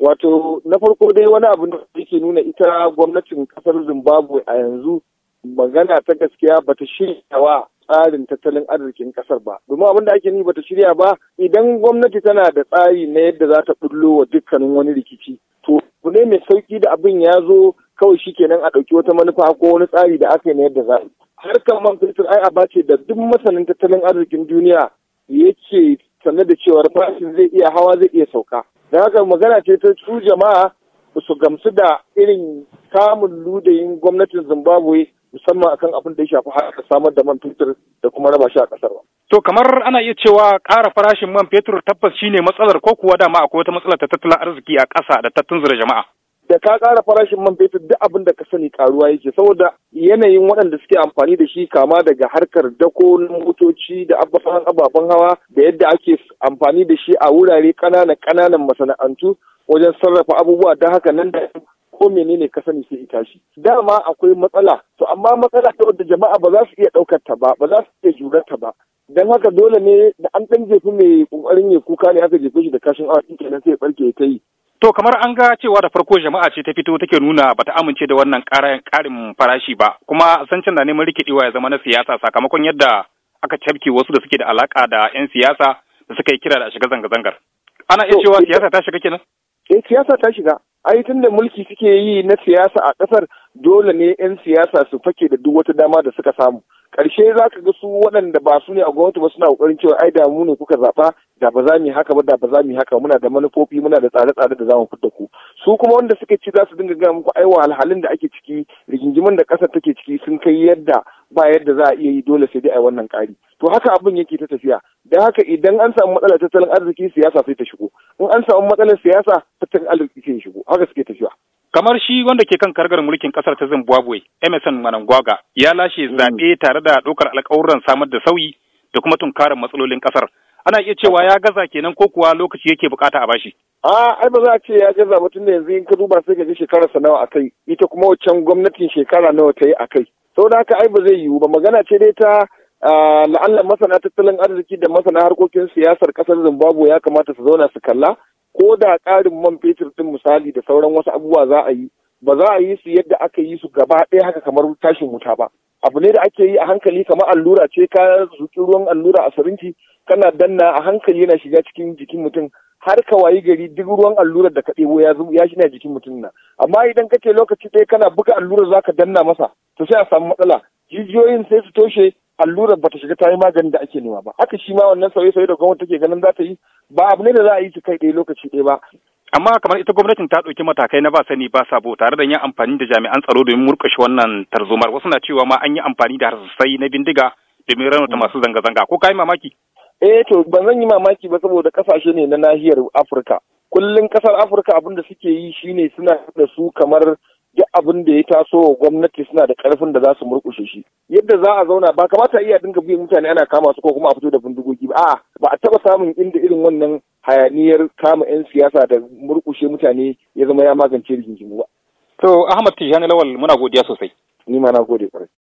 Wato na farko dai wani abu da yake nuna ita gwamnatin kasar Zimbabwe a yanzu magana ta gaskiya bata shirya wa tsarin tattalin arzikin kasar ba domin abin da ake ni bata shirya ba idan gwamnati tana da tsari na yadda za ta bullo wa dukkanin wani rikici to ne mai sauki da abin ya zo kawai shi kenan a ɗauki wata manufa ko wani tsari da aka yi na yadda za harkar man fetur ai a bace da duk masanin tattalin arzikin duniya yake sanar da cewar farashin zai iya hawa zai iya sauka da haka magana ce ta su jama'a ba su gamsu da irin samun ludayin gwamnatin zimbabwe musamman akan abin da ya shafi haka samar da man fetur da kuma raba shi a kasar ba. To kamar ana iya cewa ƙara farashin man fetur tabbas shine matsalar ko kuwa dama akwai wata matsalar ta tattalin arziki a ƙasa da ta jama'a. da ka ƙara farashin man fetur duk abin da ka sani karuwa yake saboda yanayin waɗanda suke amfani da shi kama daga harkar dako na motoci da ababen hawa da yadda ake amfani da shi a wurare ƙananan ƙananan masana'antu wajen sarrafa abubuwa don haka nan da ko menene ka sani sai ita shi dama akwai matsala to amma matsala ta wadda jama'a ba za su iya ɗaukar ta ba ba za su iya jurar ta ba dan haka dole ne da an ɗan jefi mai ƙoƙarin ya kuka ne aka jefe shi da kashin awa kenan sai ya ɓarke ta yi To kamar an ga cewa da farko jama'a ce ta fito take nuna bata amince da wannan karin farashi ba kuma zancen na neman rikidewa ya zama na siyasa sakamakon yadda aka cafke wasu da suke da alaka da 'yan siyasa da suka yi kira da shiga zanga-zangar. Ana iya cewa eh, siyasa ta shiga kenan? Eh siyasa ta shiga. Ai tun da mulki suke yi na siyasa a kasar dole ne 'yan siyasa su fake da duk wata dama da suka samu. Ƙarshe za ka ga su waɗanda ba su ne a gwamnati ba suna ƙoƙarin cewa ai damu ne kuka zaɓa da ba za mu yi haka ba da ba za mu yi haka muna da manufofi muna da tsare-tsare da za mu fitar ku su kuma wanda suke ci za su dinga gaya muku ai alhalin da ake ciki rigingimin da ƙasar take ciki sun kai yadda ba yadda za a iya yi dole sai dai a wannan ƙari to haka abin yake ta tafiya dan haka idan an samu matsalar tattalin arziki siyasa sai ta shigo in an samu matsalar siyasa tattalin arziki sai shigo haka suke tafiya kamar shi wanda ke kan kargar mulkin kasar ta Zimbabwe Emerson Mnangagwa ya lashe mm. zaɓe tare da ɗaukar alƙawuran samar da sauyi da kuma tunkarar matsalolin kasar ana iya cewa ya gaza kenan ko kuwa lokaci yake bukata a bashi a ai ba za a ce ya gaza tun da yanzu in ka duba sai ka shekarar shekararsa nawa a kai, ita kuma waccan gwamnatin shekara nawa ta yi a kai. saboda haka ai ba zai yiwu ba magana ce dai ta la'allan masana tattalin arziki da masana harkokin siyasar kasar zimbabwe ya kamata su zauna su kalla ko da ƙarin man fetur din misali da sauran wasu abubuwa za a yi ba za a yi su yadda aka yi su gaba ɗaya haka kamar tashin wuta ba abu ne da ake yi a hankali kamar allura ce ka zuki ruwan allura a sirinji kana danna a hankali yana shiga cikin jikin mutum har ka wayi gari duk ruwan allurar da ka ɗebo ya ya shine jikin mutum na amma idan ka ce lokaci ɗaya kana buga allurar ka danna masa to sai a samu matsala jijiyoyin sai su toshe allurar bata shiga ta yi maganin da ake nema ba haka shi ma wannan sauye-sauye da gwamnati take ganin za ta yi ba abu ne da za a yi su kai ɗaya lokaci ɗaya ba amma kamar ita gwamnatin ta ɗauki matakai na ba sani ba sabo tare da yin amfani da jami'an tsaro domin murƙushe wannan tarzomar wasu na cewa ma an yi amfani da harsasai na bindiga domin raunata masu zanga-zanga ko kayi mamaki eh to ban zan yi mamaki ba saboda kasashe ne na nahiyar afirka kullum kasar afirka abin da suke yi shine suna da su kamar duk abin da ya taso wa gwamnati suna da karfin da za su murkushe shi yadda za a zauna ba kamata iya dinga biyan mutane ana kama su ko kuma a fito da bindigogi ba a'a ba a taba samun inda irin wannan hayaniyar kama 'yan siyasa da murkushe mutane ya zama ya magance rigingimu ba. To Ahmad Tijjani Lawal muna godiya sosai. Ni ma na gode kwarai.